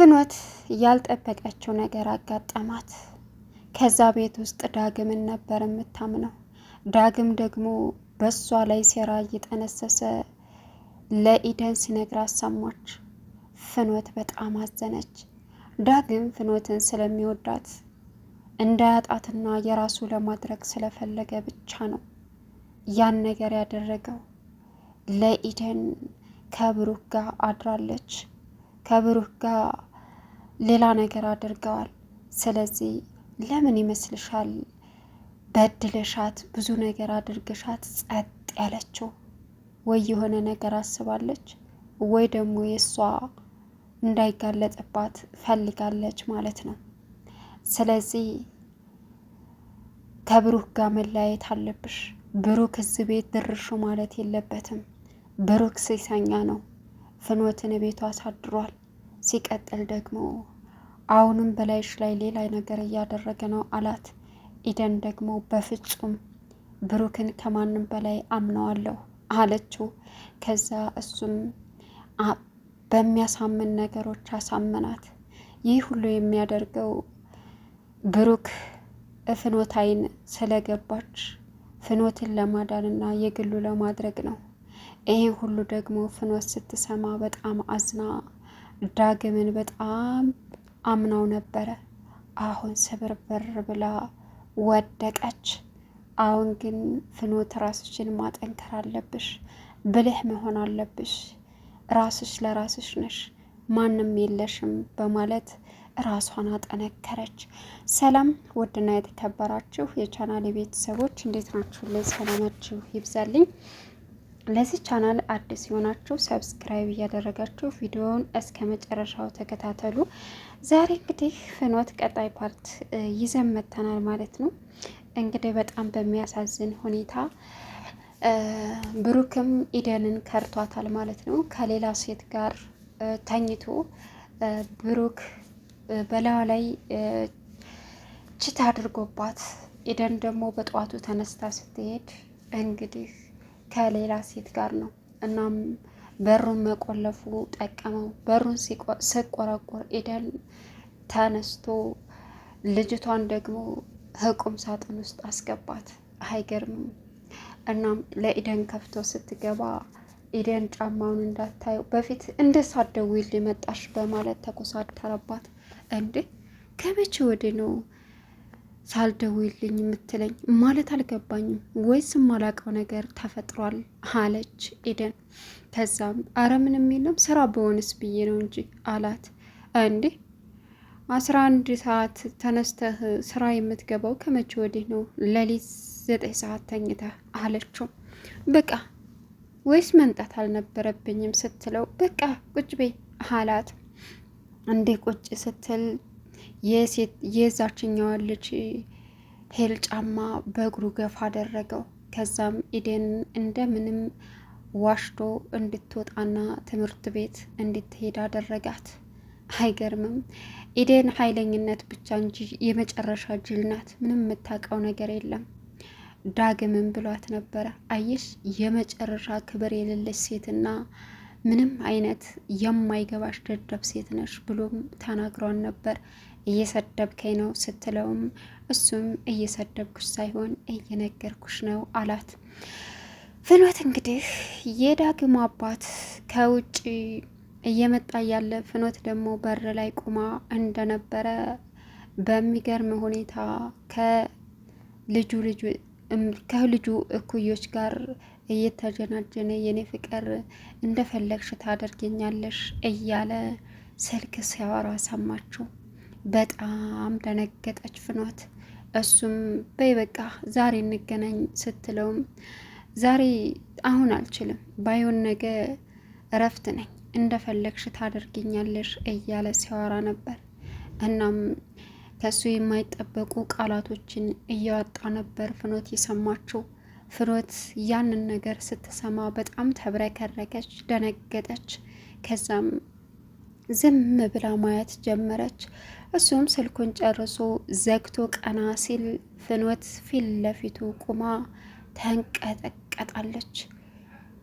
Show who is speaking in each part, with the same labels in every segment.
Speaker 1: ፍኖት ያልጠበቀችው ነገር አጋጠማት። ከዛ ቤት ውስጥ ዳግምን ነበር የምታምነው። ዳግም ደግሞ በሷ ላይ ሴራ እየጠነሰሰ ለኢደን ሲነግር ሰማች። ፍኖት በጣም አዘነች። ዳግም ፍኖትን ስለሚወዳት እንዳያጣትና የራሱ ለማድረግ ስለፈለገ ብቻ ነው ያን ነገር ያደረገው። ለኢደን ከብሩክ ጋር አድራለች። ከብሩክ ጋር ሌላ ነገር አድርገዋል። ስለዚህ ለምን ይመስልሻል በድለሻት ብዙ ነገር አድርገሻት ጸጥ ያለችው? ወይ የሆነ ነገር አስባለች ወይ ደግሞ የእሷ እንዳይጋለጥባት ፈልጋለች ማለት ነው። ስለዚህ ከብሩክ ጋር መለያየት አለብሽ። ብሩክ እዚህ ቤት ድርሹ ማለት የለበትም። ብሩክ ሴሰኛ ነው። ፍኖትን ቤቱ አሳድሯል። ሲቀጥል ደግሞ አሁንም በላይሽ ላይ ሌላ ነገር እያደረገ ነው አላት። ኢደን ደግሞ በፍጹም ብሩክን ከማንም በላይ አምነዋለሁ አለችው። ከዛ እሱም በሚያሳምን ነገሮች አሳመናት። ይህ ሁሉ የሚያደርገው ብሩክ ፍኖታይን ስለገባች ፍኖትን ለማዳን ና የግሉ ለማድረግ ነው። ይህ ሁሉ ደግሞ ፍኖት ስትሰማ በጣም አዝና ዳግምን በጣም አምናው ነበረ። አሁን ስብርብር ብላ ወደቀች። አሁን ግን ፍኖት ራስሽን ማጠንከር አለብሽ፣ ብልህ መሆን አለብሽ። ራስሽ ለራስሽ ነሽ፣ ማንም የለሽም በማለት ራሷን አጠነከረች። ሰላም ውድና የተከበራችሁ የቻናል ቤተሰቦች እንዴት ናችሁ? ላይ ሰላማችሁ ይብዛልኝ። ለዚህ ቻናል አዲስ የሆናችሁ ሰብስክራይብ እያደረጋችሁ ቪዲዮውን እስከ መጨረሻው ተከታተሉ። ዛሬ እንግዲህ ፍኖት ቀጣይ ፓርት ይዘን መጥተናል ማለት ነው። እንግዲህ በጣም በሚያሳዝን ሁኔታ ብሩክም ኢደንን ከርቷታል ማለት ነው። ከሌላ ሴት ጋር ተኝቶ ብሩክ በላዩ ላይ ችት አድርጎባት ኢደን ደግሞ በጠዋቱ ተነስታ ስትሄድ እንግዲህ ከሌላ ሴት ጋር ነው። እናም በሩን መቆለፉ ጠቀመው። በሩን ሲቆረቆር ኤደን ተነስቶ ልጅቷን ደግሞ ህቁም ሳጥን ውስጥ አስገባት። አይገርምም? እናም ለኢደን ከፍቶ ስትገባ ኢደን ጫማውን እንዳታየው በፊት እንደ ይል መጣሽ በማለት ተኮሳተረባት። እንዴ ከመቼ ወዲህ ነው ሳልደውልኝ የምትለኝ ማለት አልገባኝም፣ ወይስ ማላቀው ነገር ተፈጥሯል አለች ኢደን። ከዛም አረ ምንም የለም ስራ በሆንስ ብዬ ነው እንጂ አላት። እንዴ አስራ አንድ ሰዓት ተነስተህ ስራ የምትገባው ከመቼ ወዲህ ነው? ሌሊት ዘጠኝ ሰዓት ተኝተህ አለችው። በቃ ወይስ መምጣት አልነበረብኝም ስትለው በቃ ቁጭ በይ አላት። እንዴ ቁጭ ስትል የዛችኛዋ ልጅ ሄል ጫማ በእግሩ ገፋ አደረገው። ከዛም ኢዴንን እንደምንም ዋሽቶ እንድትወጣና ትምህርት ቤት እንድትሄድ አደረጋት። አይገርምም? ኢዴን ኃይለኝነት ብቻ እንጂ የመጨረሻ ጅል ናት። ምንም የምታውቀው ነገር የለም። ዳግምም ብሏት ነበረ። አየሽ የመጨረሻ ክብር የሌለች ሴትና ምንም አይነት የማይገባሽ ደደብ ሴት ነሽ ብሎም ተናግሯን ነበር። እየሰደብከኝ ነው ስትለውም እሱም እየሰደብኩሽ ሳይሆን እየነገርኩሽ ነው አላት። ፍኖት እንግዲህ የዳግም አባት ከውጭ እየመጣ ያለ ፍኖት ደግሞ በር ላይ ቁማ እንደነበረ በሚገርም ሁኔታ ከልጁ ልጁ ከልጁ እኩዮች ጋር እየተጀናጀነ የኔ ፍቅር እንደፈለግሽ ታደርገኛለሽ እያለ ስልክ ሲያወራ ሰማችሁ። በጣም ደነገጠች ፍኖት። እሱም በይ በቃ ዛሬ እንገናኝ ስትለውም ዛሬ አሁን አልችልም፣ ባይሆን ነገ እረፍት ነኝ፣ እንደፈለግሽ ታደርግኛለሽ እያለ ሲያወራ ነበር። እናም ከሱ የማይጠበቁ ቃላቶችን እያወጣ ነበር ፍኖት የሰማችው። ፍኖት ያንን ነገር ስትሰማ በጣም ተብረከረከች፣ ደነገጠች። ከዛም ዝም ብላ ማየት ጀመረች። እሱም ስልኩን ጨርሶ ዘግቶ ቀና ሲል ፍኖት ፊት ለፊቱ ቁማ ተንቀጠቀጣለች።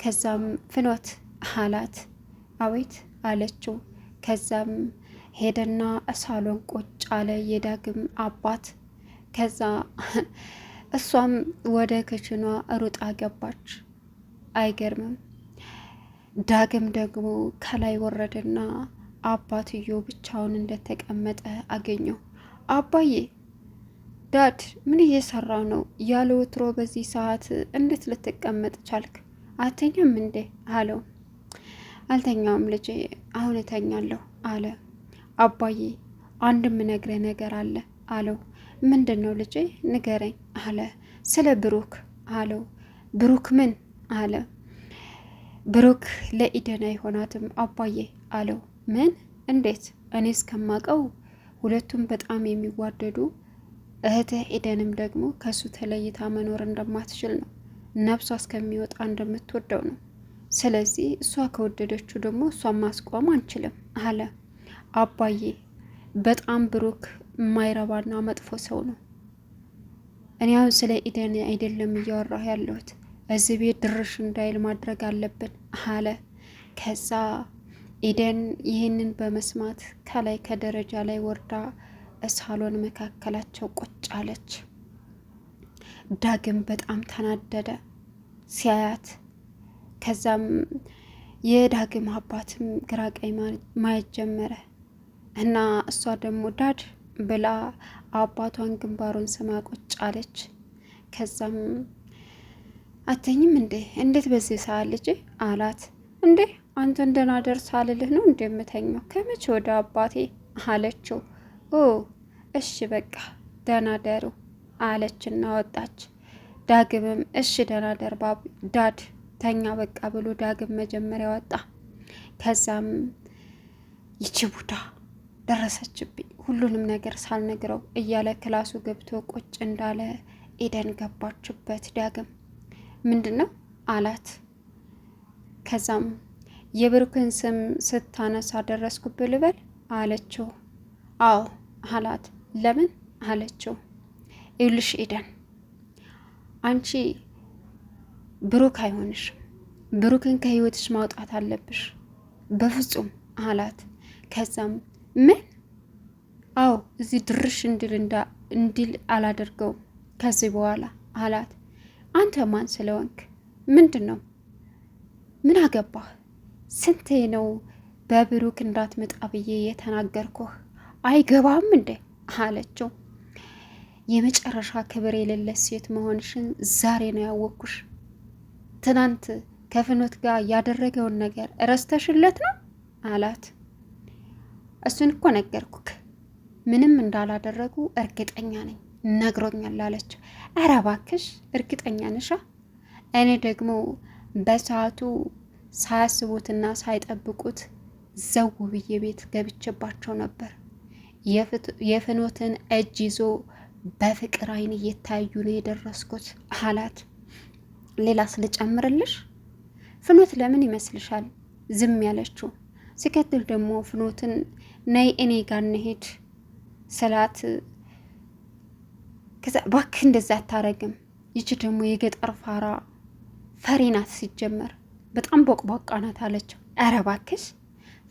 Speaker 1: ከዛም ፍኖት አላት። አቤት አለችው። ከዛም ሄደና ሳሎን ቁጭ አለ የዳግም አባት። ከዛ እሷም ወደ ክችኗ ሩጣ ገባች። አይገርምም። ዳግም ደግሞ ከላይ ወረደና አባትዮ ብቻውን እንደተቀመጠ አገኘው። አባዬ ዳድ ምን እየሰራው ነው? ያለ ወትሮ በዚህ ሰዓት እንዴት ልትቀመጥ ቻልክ? አተኛም እንዴ አለው። አልተኛውም ልጄ፣ አሁን እተኛለሁ አለ። አባዬ አንድ ምነግረ ነገር አለ አለው። ምንድን ነው ልጄ? ንገረኝ አለ። ስለ ብሩክ አለው። ብሩክ ምን አለ? ብሩክ ለኢደን አይሆናትም አባዬ አለው። ምን? እንዴት? እኔ እስከማቀው ሁለቱም በጣም የሚዋደዱ እህትህ ኤደንም ደግሞ ከሱ ተለይታ መኖር እንደማትችል ነው። ነብሷ እስከሚወጣ እንደምትወደው ነው። ስለዚህ እሷ ከወደደችው ደግሞ እሷን ማስቆም አንችልም አለ አባዬ። በጣም ብሩክ የማይረባና መጥፎ ሰው ነው። እኔ አሁን ስለ ኢደን አይደለም እያወራሁ ያለሁት፣ እዚህ ቤት ድርሽ እንዳይል ማድረግ አለብን አለ ከዛ ኢደን ይህንን በመስማት ከላይ ከደረጃ ላይ ወርዳ ሳሎን መካከላቸው ቁጭ አለች። ዳግም በጣም ተናደደ ሲያያት። ከዛም የዳግም አባትም ግራ ቀኝ ማየት ጀመረ እና እሷ ደግሞ ዳድ ብላ አባቷን ግንባሩን ስማ ቁጭ አለች። ከዛም አተኝም እንዴ እንዴት በዚህ ሰዓት ልጅ አላት እንዴ አንተ እንደናደርስ አልልህ ነው እንደምተኛው ከመቼ ወደ አባቴ አለችው። ኦ እሺ በቃ ደናደሩ አለች ወጣች። ዳግምም እሺ ደናደር ዳድ ተኛ በቃ ብሎ ዳግም መጀመሪያ ወጣ። ከዛም ይቺ ቡዳ ደረሰችብኝ ሁሉንም ነገር ሳልነግረው እያለ ክላሱ ገብቶ ቁጭ እንዳለ ኤደን ገባችበት። ዳግም ምንድን ነው አላት። ከዛም የብሩክን ስም ስታነሳ ደረስኩ ልበል አለችው። አዎ አላት። ለምን አለችው። ይኸውልሽ ኤደን አንቺ ብሩክ አይሆንሽ፣ ብሩክን ከህይወትሽ ማውጣት አለብሽ በፍጹም አላት። ከዛም ምን አዎ እዚህ ድርሽ እንድል እንዲል አላደርገውም ከዚህ በኋላ አላት። አንተ ማን ስለሆንክ ምንድን ነው ምን አገባህ ስንቴ ነው በብሩክ እንዳትመጣ ብዬ የተናገርኩህ? አይገባም እንዴ አለችው። የመጨረሻ ክብር የሌለ ሴት መሆንሽን ዛሬ ነው ያወቅኩሽ። ትናንት ከፍኖት ጋር ያደረገውን ነገር እረስተሽለት ነው አላት። እሱን እኮ ነገርኩክ፣ ምንም እንዳላደረጉ እርግጠኛ ነኝ ነግሮኛል አለችው። ኧረ እባክሽ እርግጠኛ ነሻ? እኔ ደግሞ በሰዓቱ ሳያስቡትና ሳይጠብቁት ዘው ብዬ ቤት ገብቼባቸው ነበር። የፍኖትን እጅ ይዞ በፍቅር አይን እየታዩ ነው የደረስኩት አላት። ሌላ ስልጨምርልሽ ፍኖት ለምን ይመስልሻል ዝም ያለችው? ሲከትል ደግሞ ፍኖትን ነይ እኔ ጋር እንሄድ ስላት ከዛ እባክህ እንደዛ አታረግም፣ ይቺ ደግሞ የገጠር ፋራ ፈሪ ናት ሲጀመር በጣም ቦቅቧቃ ናት አለችው። ኧረ እባክሽ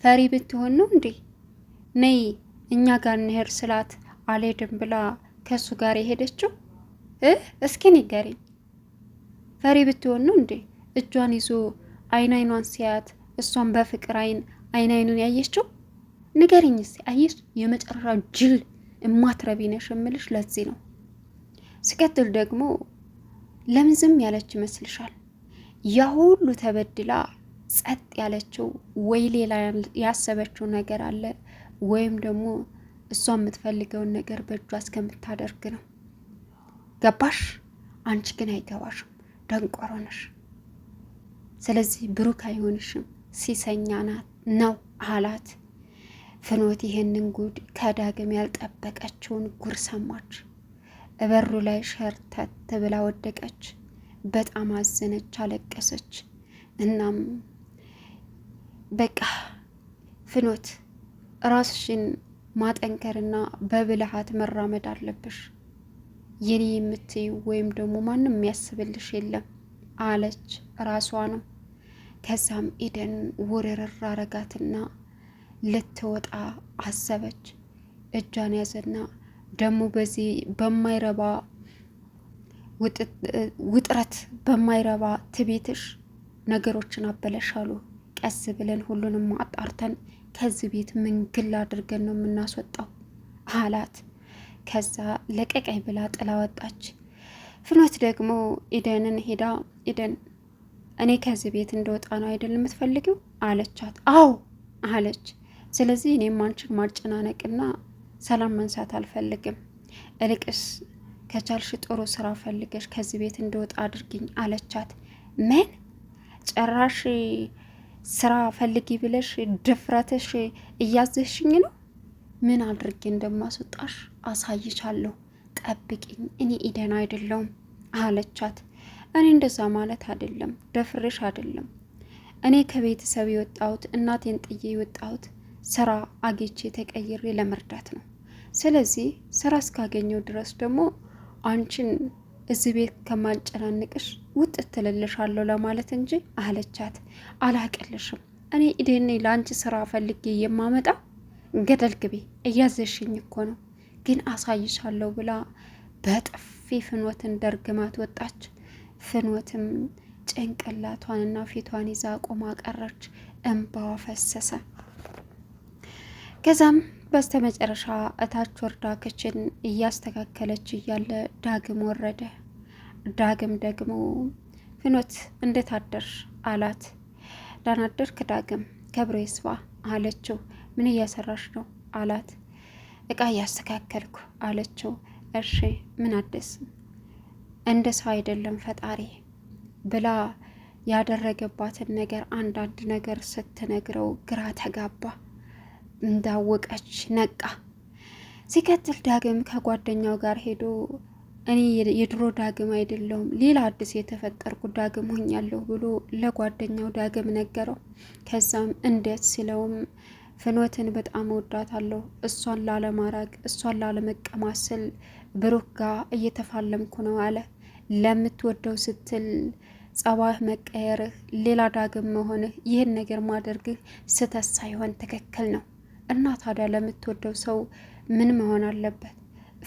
Speaker 1: ፈሪ ብትሆን ነው እንዴ? ነይ እኛ ጋር እንሄድ ስላት አልሄድም ብላ ከእሱ ጋር የሄደችው እህ እስኪ ንገሪኝ፣ ፈሪ ብትሆን ነው እንዴ? እጇን ይዞ አይን አይኗን ሲያያት እሷን በፍቅር አይን አይን አይኑን ያየችው። ንገሪኝ እስኪ አየሽ፣ የመጨረሻ ጅል እማትረቢ ነሽ የምልሽ ለዚህ ነው። ስቀጥል ደግሞ ለምን ዝም ያለች ይመስልሻል? ያ ሁሉ ተበድላ ጸጥ ያለችው ወይ ሌላ ያሰበችው ነገር አለ ወይም ደግሞ እሷ የምትፈልገውን ነገር በእጇ እስከምታደርግ ነው። ገባሽ? አንቺ ግን አይገባሽም፣ ደንቆሮ ነሽ። ስለዚህ ብሩክ አይሆንሽም፣ ሲሰኛ ናት ነው አላት። ፍኖት ይህንን ጉድ ከዳግም ያልጠበቀችውን ጉር ሰማች። እበሩ ላይ ሸርተት ብላ ወደቀች። በጣም አዘነች፣ አለቀሰች። እናም በቃ ፍኖት ራስሽን ማጠንከርና በብልሃት መራመድ አለብሽ። የኔ የምትይ ወይም ደግሞ ማንም የሚያስብልሽ የለም አለች ራሷ ነው። ከዛም ኢደን ውርርር አረጋትና ልትወጣ አሰበች። እጇን ያዘና ደግሞ በዚህ በማይረባ ውጥረት በማይረባ ትቤትሽ ነገሮችን አበለሻሉ። ቀስ ብለን ሁሉንም አጣርተን ከዚህ ቤት ምንግል አድርገን ነው የምናስወጣው አላት። ከዛ ለቀቀኝ ብላ ጥላ ወጣች። ፍኖት ደግሞ ኢደንን ሄዳ ኢደን እኔ ከዚህ ቤት እንደወጣ ነው አይደል የምትፈልጊው አለቻት። አዎ አለች። ስለዚህ እኔም አንቺን ማጨናነቅና ሰላም መንሳት አልፈልግም እልቅስ ከቻልሽ ጥሩ ስራ ፈልገሽ ከዚህ ቤት እንደወጣ አድርግኝ አለቻት። ምን ጨራሽ ስራ ፈልጊ ብለሽ ድፍረትሽ እያዘሽኝ ነው? ምን አድርጌ እንደማስወጣሽ አሳይቻለሁ። ጠብቂኝ፣ እኔ ኢደን አይደለውም አለቻት። እኔ እንደዛ ማለት አይደለም፣ ደፍሬሽ አይደለም። እኔ ከቤተሰብ የወጣሁት እናቴን ጥዬ የወጣሁት ስራ አግኝቼ ተቀይሬ ለመርዳት ነው። ስለዚህ ስራ እስካገኘው ድረስ ደግሞ አንቺን እዚህ ቤት ከማንጨናንቅሽ ውጥ ትልልሻለሁ ለማለት እንጂ አለቻት። አላቅልሽም እኔ ኢዴኔ ለአንቺ ስራ ፈልጌ የማመጣ ገደል ግቢ እያዘሽኝ እኮ ነው፣ ግን አሳይሻለሁ ብላ በጥፊ ፍኖትን ደርግማት ወጣች። ፍኖትም ጭንቅላቷንና ፊቷን ይዛ ቆማ ቀረች። እንባዋ ፈሰሰ። ከዛም በስተመጨረሻ እታች ወርዳ ክችን እያስተካከለች እያለ ዳግም ወረደ። ዳግም ደግሞ ፍኖት እንዴት አደርሽ አላት። ደህና አደርክ ዳግም ከብሮ ይስፋ አለችው። ምን እያሰራሽ ነው አላት። እቃ እያስተካከልኩ አለችው። እሺ ምን አደስ? እንደ ሰው አይደለም ፈጣሪ ብላ ያደረገባትን ነገር አንዳንድ ነገር ስትነግረው ግራ ተጋባ። እንዳወቀች ነቃ። ሲቀጥል ዳግም ከጓደኛው ጋር ሄዶ እኔ የድሮ ዳግም አይደለሁም ሌላ አዲስ የተፈጠርኩ ዳግም ሆኛለሁ ብሎ ለጓደኛው ዳግም ነገረው። ከዛም እንዴት ሲለውም ፍኖትን በጣም አለሁ እሷን ላለማራግ እሷን ላለመቀማት ስል ብሩክ እየተፋለምኩ ነው አለ። ለምትወደው ስትል ጸባህ መቀየርህ፣ ሌላ ዳግም መሆንህ፣ ይህን ነገር ማደርግህ ስህተት ሳይሆን ትክክል ነው እና ታዲያ ለምትወደው ሰው ምን መሆን አለበት?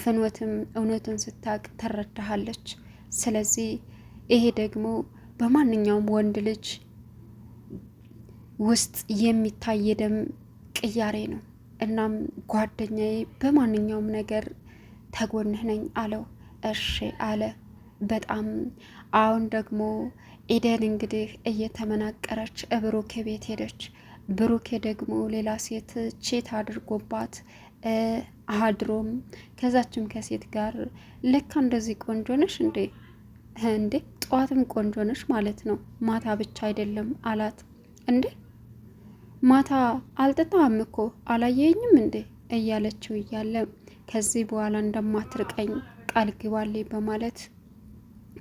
Speaker 1: ፍኖትም እውነቱን ስታቅ ትረዳሃለች። ስለዚህ ይሄ ደግሞ በማንኛውም ወንድ ልጅ ውስጥ የሚታይ የደም ቅያሬ ነው። እናም ጓደኛዬ በማንኛውም ነገር ተጎንህ ነኝ አለው። እሺ አለ። በጣም አሁን ደግሞ ኢደን እንግዲህ እየተመናቀረች እብሩክ ቤት ሄደች። ብሩኬ ደግሞ ሌላ ሴት ቼት አድርጎባት አድሮም ከዛችም ከሴት ጋር ለካ እንደዚህ ቆንጆ ነሽ እንዴ እንዴ ጠዋትም ቆንጆ ነሽ ማለት ነው ማታ ብቻ አይደለም አላት። እንዴ ማታ አልጠጣም እኮ አላየኝም እንዴ እያለችው እያለ ከዚህ በኋላ እንደማትርቀኝ ቃል ግባሌ በማለት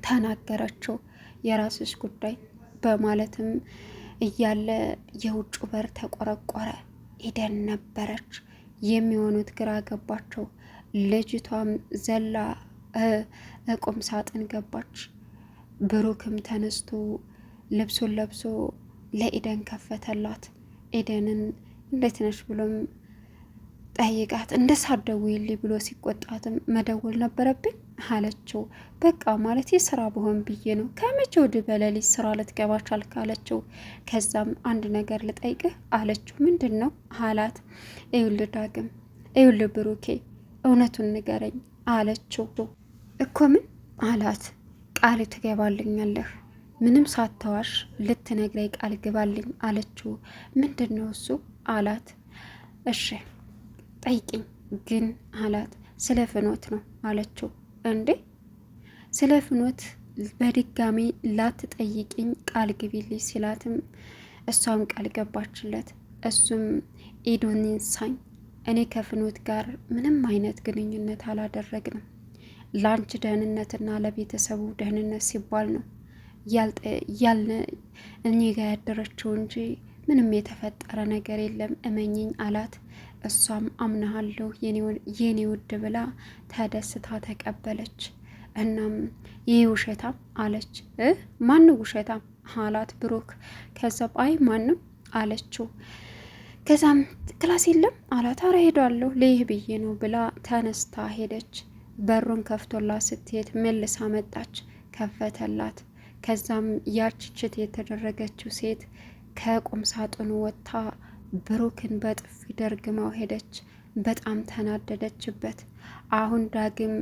Speaker 1: ተናገራቸው የራስሽ ጉዳይ በማለትም እያለ የውጭ በር ተቆረቆረ። ኢደን ነበረች። የሚሆኑት ግራ ገባቸው። ልጅቷም ዘላ ቁም ሳጥን ገባች። ብሩክም ተነስቶ ልብሱን ለብሶ ለኢደን ከፈተላት። ኢደንን እንዴት ብሎም ጠይቃት እንደሳ አትደውይልኝ ብሎ ሲቆጣትም መደወል ነበረብኝ አለችው። በቃ ማለት ስራ በሆን ብዬ ነው። ከመቼ ወዲህ በሌሊት ስራ ልትገባ ቻልክ? አለችው። ከዛም አንድ ነገር ልጠይቅህ አለችው። ምንድን ነው አላት። ይውል ዳግም፣ ይውል ብሩኬ፣ እውነቱን ንገረኝ አለችው። እኮ ምን አላት? ቃል ትገባልኛለህ ምንም ሳታዋሽ ልትነግረኝ ቃል ግባልኝ አለችው። ምንድን ነው እሱ አላት። እሺ ጠይቅኝ ግን አላት። ስለ ፍኖት ነው አለችው። እንዴ ስለ ፍኖት በድጋሚ ላትጠይቅኝ ቃል ግቢልኝ ሲላትም እሷም ቃል ገባችለት። እሱም ኢዱንን ንሳኝ እኔ ከፍኖት ጋር ምንም አይነት ግንኙነት አላደረግንም ለአንቺ ደህንነትና ለቤተሰቡ ደህንነት ሲባል ነው ያልነ እኔ ጋር ያደረችው እንጂ ምንም የተፈጠረ ነገር የለም እመኝኝ አላት። እሷም አምናሃለሁ የኔ ውድ ብላ ተደስታ ተቀበለች። እናም ይህ ውሸታም አለች። ማን ውሸታም አላት ብሩክ። ከዛም አይ ማንም አለችው። ከዛም ክላስ የለም አላት። አረ ሄዳለሁ ልይህ ብዬ ነው ብላ ተነስታ ሄደች። በሩን ከፍቶላ ስትሄድ መልሳ መጣች። ከፈተላት። ከዛም ያችችት የተደረገችው ሴት ከቁም ሳጥኑ ወጥታ ብሩክን በጥፊ ደርግማው ሄደች። በጣም ተናደደችበት። አሁን ዳግም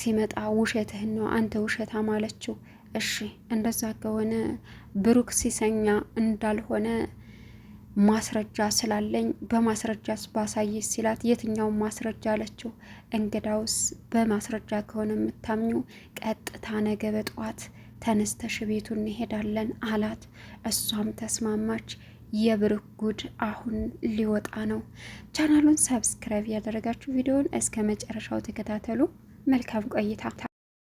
Speaker 1: ሲመጣ ውሸትህን ነው አንተ ውሸታም አለችው። እሺ እንደዛ ከሆነ ብሩክ ሲሰኛ እንዳልሆነ ማስረጃ ስላለኝ በማስረጃስ ባሳይሽ ሲላት የትኛውን ማስረጃ አለችው። እንግዳውስ በማስረጃ ከሆነ የምታምኙ ቀጥታ ነገ በጠዋት ተነስተሽ ቤቱ እንሄዳለን አላት። እሷም ተስማማች። የብሩክ ጉድ አሁን ሊወጣ ነው። ቻናሉን ሰብስክራይብ ያደረጋችሁ ቪዲዮን እስከ መጨረሻው ተከታተሉ። መልካም ቆይታ